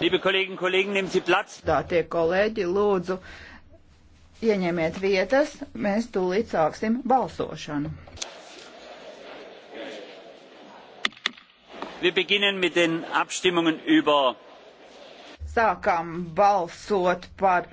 Liebe Kolleginnen und Kollegen, nehmen Sie Platz. Dātie kolēģi, lūdzu, ieņemiet vietas, mēs tūlīt sāksim balsošanu. Wir beginnen mit den Abstimmungen über. Sākam balsot par